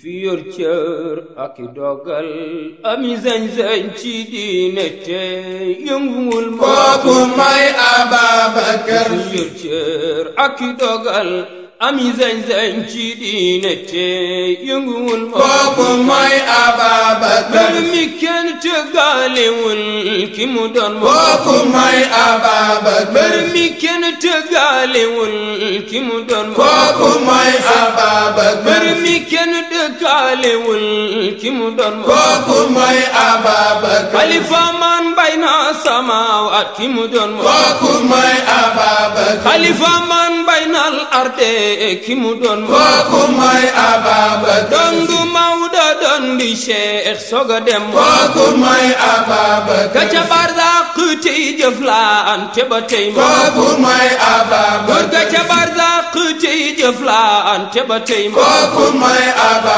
ki yor cër ak i dogal ami sañ-sañ ci diine te yënguwul ma kooku may Ababakar ki cër ak dogal ami sañ-sañ ci diine te yënguwul ma kooku may Ababakar mi kenn tëggalewul ki mu doon ma kooku may Ababakar mi kenn kenn dëkkaalewul ki mu doon kooku mooy Ababacar mbër mi kenn dëkkaalewul ki mu doon kooku mooy Ababacar xalifa man bay na samawaat ki mu doon kooku mooy Ababacar xalifa man bay na al arde ki mu doon kooku mooy Ababacar dondu Mawda doon di Cheikh soga dem kooku mooy Ababacar jëflante ba tey ma kooku mooy Aba Bakar Si ca barzaq tey jëflante ba tey ma kooku mooy Aba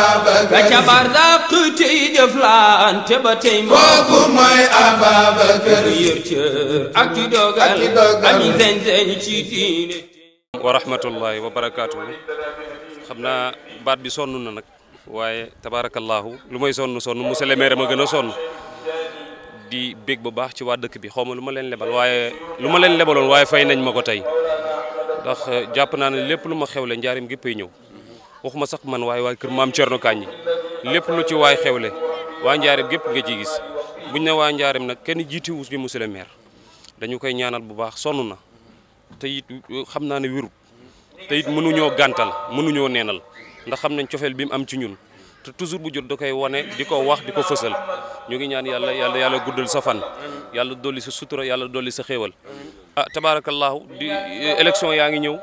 Bakar Si ca barzaq tey jëflante ba tey ma kooku mooy Aba Bakar Si yër cër ak ci dogal ak ci zenzen ci diine wa rahmatullahi wa barakaatu xam naa baat bi sonn na nag waaye tabaarakallaahu lu may sonn sonn monsieur le maire ma gën a sonn di bég bu baax ci waa dëkk bi xaw ma lu ma leen lebal waaye lu ma leen lebaloon waaye fay nañ ma ko tey ndax euh, jàpp naa ne lépp lu ma xewle njaarim géppay ñëw waxuma sax man waaye waa kër maam Thierno Kandji lépp lu ci waay xewle waa njaarim gépp nga ci gis buñ ne waa njaarim nag kenn jiitiwu ci monsieur le maire dañu koy ñaanal bu baax sonn na te it euh, xam naa ne wérut te it mënuñoo gàntal mënuñoo neenal ndax xam nañ cofeel bi mu am ci ñun te toujours bu jur da koy wane di ko wax di ko fësal ñu ngi ñaan yàlla yàlla yàlla guddal sa fan yàlla dolli sa sutura yàlla dolli sa xéewal ah tabaarakallaahu di eh, élection yaa ngi ñëw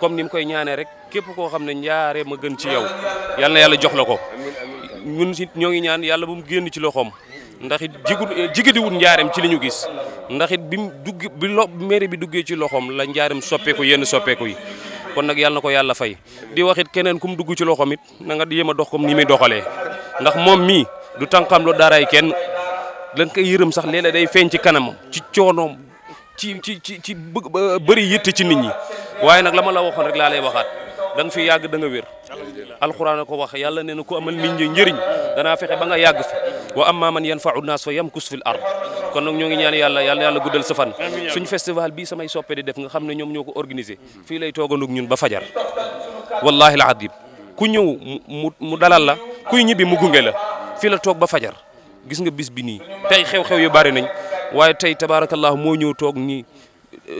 comme ni mu koy ñaanee rek képp koo xam ne njaaree ma gën ci yow yàlla na yàlla jox la ko ñun si ñoo ngi ñaan yàlla bu mu génn ci loxoom ndax it jigu eh, jigédiwut njaareem ci li ñu gis ndax it bi mu dugg bi lo mairie bi duggee ci loxoom la njaareem soppeeku yenn soppeeku yi kon nag yàlla na ko yàlla fay di waxit keneen ku mu dugg ci loxoom it na nga yéem a dox comme ni muy doxalee ndax moom mii du tànqam lu daray kenn lañ koy yërëm sax léeg day feeñ ci kanamam ci coonoom ci ci ci ci bëri yitte ci nit ñi waaye nag la ma la waxoon rek laa lay waxat da nga fi yàgg danga nga wér alxuraan a ko wax yàlla nee na ku amal nit ñi njëriñ danaa fexe ba nga yàgg fi wa amma man yanfau naas fa yamkus fil ard kon nag ñoo ngi ñaan yàlla yàlla yàlla guddal sa fan suñu festival bii samay soppe di def nga xam ne ñoom ñoo ko organisé fii lay toogandug ñun ba fajar wallahi la adib ku ñëw mu mu dalal la kuy ñibbi mu gunge la fii la toog ba fajar gis nga bis bi nii tey xew-xew yu bari nañ waaye tey tabaarakallah moo ñëw toog nii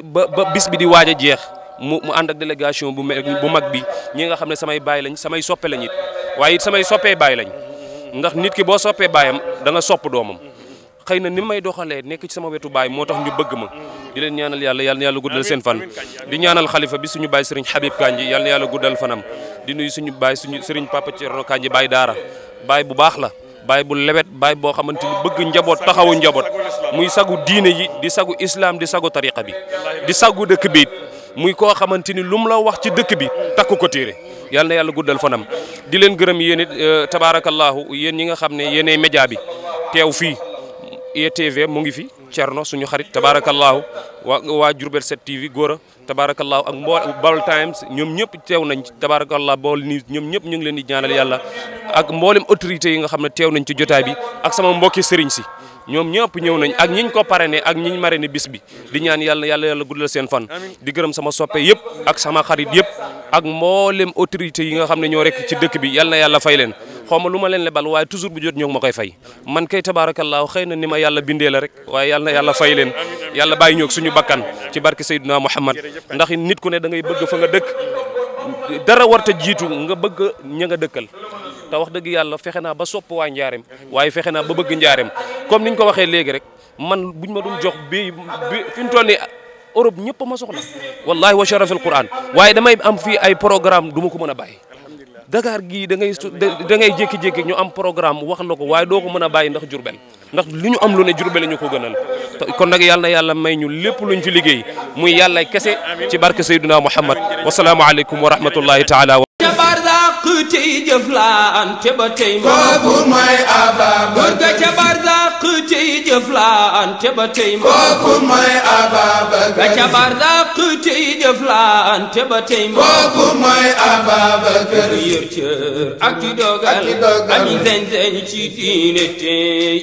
ba ba bis bi di waaj a jeex mu mu ànd délégation bu bu mag bi ñi nga xam ne samay baay lañ samay soppe lañ it waaye samay soppee baay lañ ndax nit ki boo soppee baayam da nga sopp doomam xëy na ni may doxalee nekk ci sama wetu baay moo tax ñu bëgg ma di leen ñaanal yàlla yàlla na yàlla guddal seen fan di ñaanal xalifa bi suñu baay sëriñ Habib Kandji yàlla na yàlla guddal fanam di nuy suñu baay suñu sëriñ Papa Thierno Kandji baay daara baay bu baax la baay bu lewet baay boo xamante ni bëgg njaboot taxawu njaboot muy sagu diine yi di sagu islaam di sagu tariqa bi di sagu dëkk bi muy koo xamante ni lu mu la wax ci dëkk bi takku ko téere yal na yàlla guddal fanam di leen gërëm yéen it euh, tabaarakallaahu yéen ñi nga xam ne yéenay média bi teew fii IETV mu ngi fi Thierno suñu xarit tabaarakallaahu waa waa Diourbel 7 TV Gora tabaarakallaahu ak mbo Baol Times ñoom ñëpp teew nañ ci tabaarakallaahu Baol News ñoom ñëpp ñu ngi leen di ñaanal yàlla ak mboolem autorité yi nga xam ne teew nañ ci jotaa bi ak sama mbokki sëriñ si ñoom ñëpp ñëw nañ ak ñiñ ko parrainé ak ñiñ marrainé bis bi di ñaan yàlla yàlla yàlla guddal seen fan di gërëm sama soppe yëpp ak sama xarit yëpp ak mboolem autorité yi nga xam ne ñoo rek ci dëkk bi yalla yàlla fay leen xaw ma lu ma leen le lebal waaye toujours bu jot ñoo ngi koy fay man kay tabaarakallaahu xëy na ni ma yàlla bindee la rek waaye yàlla fay leen yàlla bàyyi ñoog suñu bakkan ci barke Seydina Muhammad ndax nit ku ne dangay bëgg fa nga dëkk dara warta jiitu nga bëgg ña nga dëkkal wax dëgg yàlla fexe naa ba sopp waa njaareem waaye fexe naa ba bëgg njaareem comme ni ñu ko waxee léegi rek man buñ ma doon jox bi bi fi mu toll nii Europe ñëpp ma soxla wallahi wa sharafil Quran waaye damay am fi ay programme du ma ko mën a bàyyi. Dakar gii da ngay da ngay jékki-jékki ñu am programme wax na ko waaye doo ko mën a bàyyi ndax Jurbel ndax li ñu am lu ne Jurbel ñu ko gënal kon nag yàlla na yàlla may ñu lépp luñ fi liggéey muy yàlla kese ci barke Seydina Muhammad wasalaamu aleykum wa rahmatullahi taala ca barzaq tey jëflante ba tey ma a may aba jëflante ba tey mbokk kooku mooy Ababacar Sy ca barzaq tey jëflante ba tey mbokk kooku mooy Ababacar Sy yor cër ak ci dogal ak ci sañ-sañ ci diine te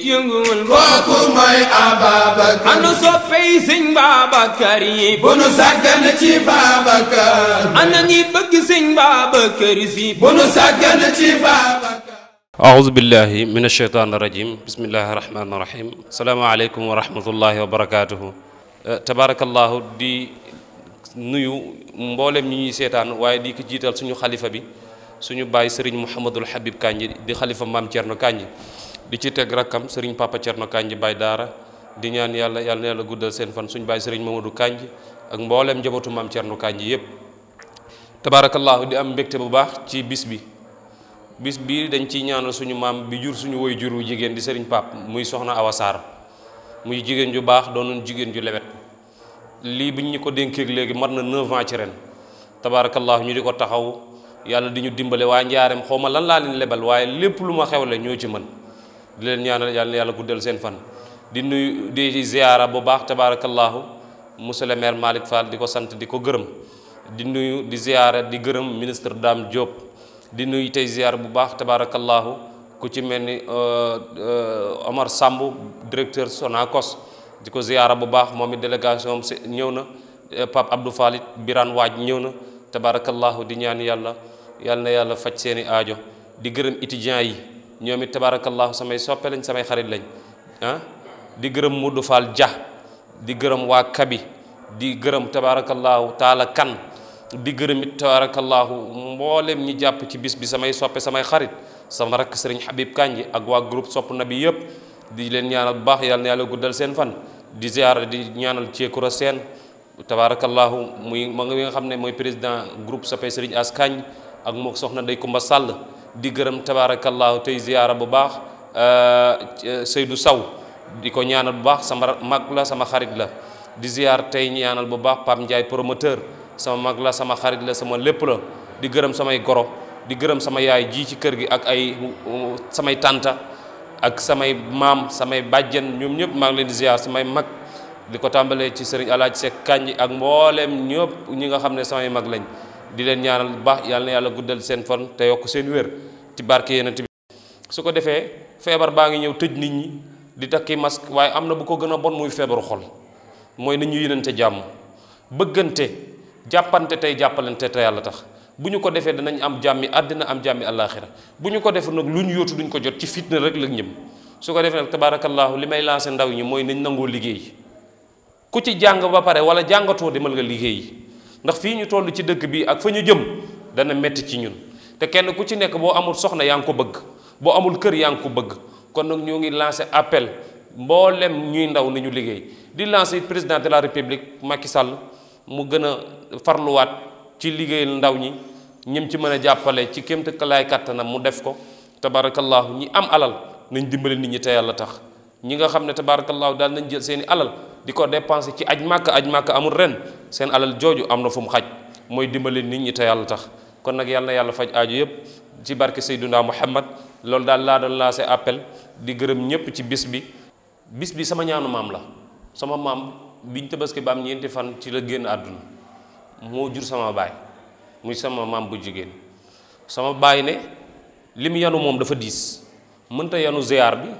yënguwul kooku mooy Ababacar Sy ana soppey sëñ Babacar yi bu nu sàggan ci Babacar ana ñi bëgg sëñ Babacar Sy bu nu sàggan ci Babacar ahousu billahi min asheytaan irajim bismillahi rahmaani rahim salaamaaleykum wa rahmatullahi wa barakatuhu eh, tabarakallahu di nuyu mboolem ñi ñuy seetaan waaye di ko jiital suñu xalifa bi suñu baay sëriñ mouhamadul habib kanji di xalifa maam cerno kanji di ci teg rakkam sëriñ papa cerno kanji baay daara di ñaan yàlla yàlla na yàlla guddal seen fan suñu baay sëriñ mamadou kanji ak mbooleem njabootu maam cerno kanji yépp tabarakallahu di am mbégte bu baax ci bis bi bis bii dañ ciy ñaanal suñu maam bi jur suñu woy wu jigéen di sëriñ Pape muy soxna Awa Sarr muy jigéen ju baax doonoon jigéen ju lewet lii bi ñu ko dénkeeg léegi mat na 9 ans ci ren tabaarakallah ñu di ko taxaw yàlla di ñu dimbale waa njaareem xaw ma lan laa leen lebal waaye lépp lu ma xew xewle ñoo ci mën di leen ñaanal yàlla yàlla guddal seen fan di nuyu di ziyaara bu baax tabaarakallahu monsieur le maire Malick Fall di ko sant di ko gërëm di nuyu di ziyaara di gërëm ministre Dame Diop di nuyu tey ziar bu baax tabaarakallaahu ku ci mel ni euh, euh, Omar Samb directeur Sonacos di ko ziara bu baax moom it délégation am ñëw na euh, Pape Abdou Falit Waaj ñëw na tabaarakallaahu di ñaan yàlla yàlla na yàlla faj seeni aajo di gërëm étudiants yi ñoom it tabaarakallaahu samay soppe lañ samay xarit lañ ah, di gërëm Modou Fall Dia di gërëm waa Kabi di gërëm tabaarakallaahu Taala Kan di gërëm it tabaarakallaahu mboolem ñi jàpp ci bis bi samay soppe samay xarit sama rakk sëriñ Habib Kandji ak waa groupe sopp na bi yëpp di leen ñaanal bu baax yàlla na yàlla guddal seen fan di ziar di ñaanal ceekura seen tabaarakallaahu muy ma nga xam ne mooy président group soppee sëriñ As Kandji ak moo soxna day Kumba sàll di gërëm tabaarakallaahu tey ziara bu baax euh, du Saw di ko ñaanal bu baax sama mag la sama xarit la di ziar tey ñaanal bu baax Pape Ndiaye promoteur sama mag la sama xarit la sama lépp la di gërëm samay goro di gërëm sama yaay jii ci kër gi ak ay samay tànta ak samay maam samay bàjjen ñoom ñëpp maa ngi leen di ziar samay mag di ko tàmbalee ci sëriñ alaaj Seck kànj ak mbooleem ñi nga xam ne samay mag lañ di leen ñaanal bu baax yàlla yàlla guddal seen fon te yokk seen wér ci barke yeneen bi su ko defee feebar baa ngi ñëw tëj nit ñi di takki masque waaye am na bu ko gën a bon muy feebaru xol mooy na ñu yéenante jàmm bëggante jàppante tey jàppalante te yàlla tax bu ñu ko defee danañ am jàmmi àddina am jàmmi àllaaxira bu ñu ko deful nag lu ñu yootu duñ ko jot ci fitna rek la ñëm su ko defee nag tabaarakallaahu li may lancé ndaw ñi mooy nañ nangoo liggéey ku ci jàng ba pare wala jàngatoo demal nga liggéey ndax fii ñu toll ci dëkk bi ak fa ñu jëm dana metti ci ñun te kenn ku ci nekk boo amul soxna yaa ngi ko bëgg boo amul kër yaa ngi ko bëgg kon nag ñoo ngi lancé appel mboolem ñuy ndaw nañu liggéey di lancé président de la république Macky Sall mu gën a farluwaat ci liggéeyal ndaw ñi ñim ci mën a jàppale ci kémte kalaay kàttanam mu def ko tabarakallahu ñi am alal nañ dimbale nit ñi te yàlla tax ñi nga xam ne tabarakallahu daal nañ jël seeni alal di ko dépensé ci aj màkk aj màkk amul ren seen alal jooju am na fu mu xaj mooy dimbale nit ñi te yàlla tax kon nag yàlla yàlla faj aaju yëpp ci barke Seydunaa Muhammad loolu daal laa doon lancé appel di gërëm ñëpp ci bis bi bis bi sama ñaanu maam la biñ tabaski ba am ñeenti fan ci la génn àdduna moo jur sama baay muy sama maam bu jigéen sama baay ne li mu moom dafa diis mënta yanu ziar bi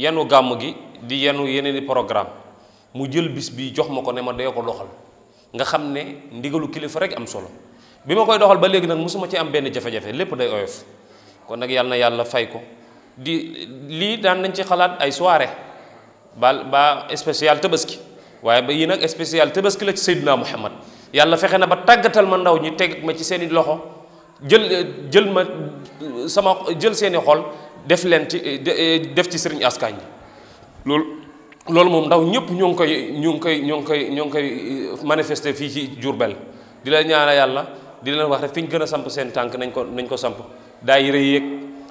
yanu gàmm gi di yanu yeneen i programme mu jël bis bi jox ma ko ne ma dee ko doxal nga xam ne ndigalu kilifa rek am solo bi ma koy doxal ba léegi nag mosuma ci am benn jafe-jafe lépp day oyof kon nag yàlla na yàlla fay ko di lii daan nañ ci xalaat ay soirée ba ba spécial tabaski waaye ba yi nag spécial tabaski la ci Seydina Muhammad yàlla fexe na ba tàggatal ma ndaw ñi teg ma ci seeni loxo jël jël ma euh, sama jël seeni xol def leen ci euh, def ci sëriñ askan yi loolu loolu moom ndaw ñëpp ñu ngi koy ñu ngi koy ñu ngi koy ñu ngi koy euh, manifester fii ci Jurbel di la ñaana yàlla di leen wax rek fi ñu gën a samp seen tànk nañ ko nañ ko samp daayira yéeg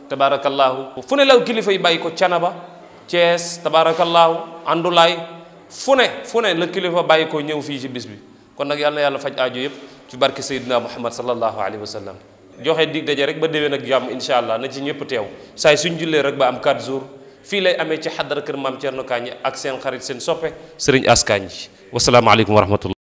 tabaarakallaahu fu ne la kilifa yi bàyyi ko Canaba Thiès tabaarakallaahu Andulaay fu ne fu ne la kilifa bàyyi ko ñëw fii ci bis bi kon nag yàlla na yàlla faj aajo yëpp ci barke Seydina Muhammad sallallahu alayhi wa sallam joxe dig daje rek ba déwén nag jàmm incha allah na ci ñëpp teew saay suñ jullee rek ba am 4 jours fii lay amee ci xadara kër maam Thierno Kandji ak seen xarit seen soppe Serigne Ass Kandji wasalaamaaleykum wa rahmatullah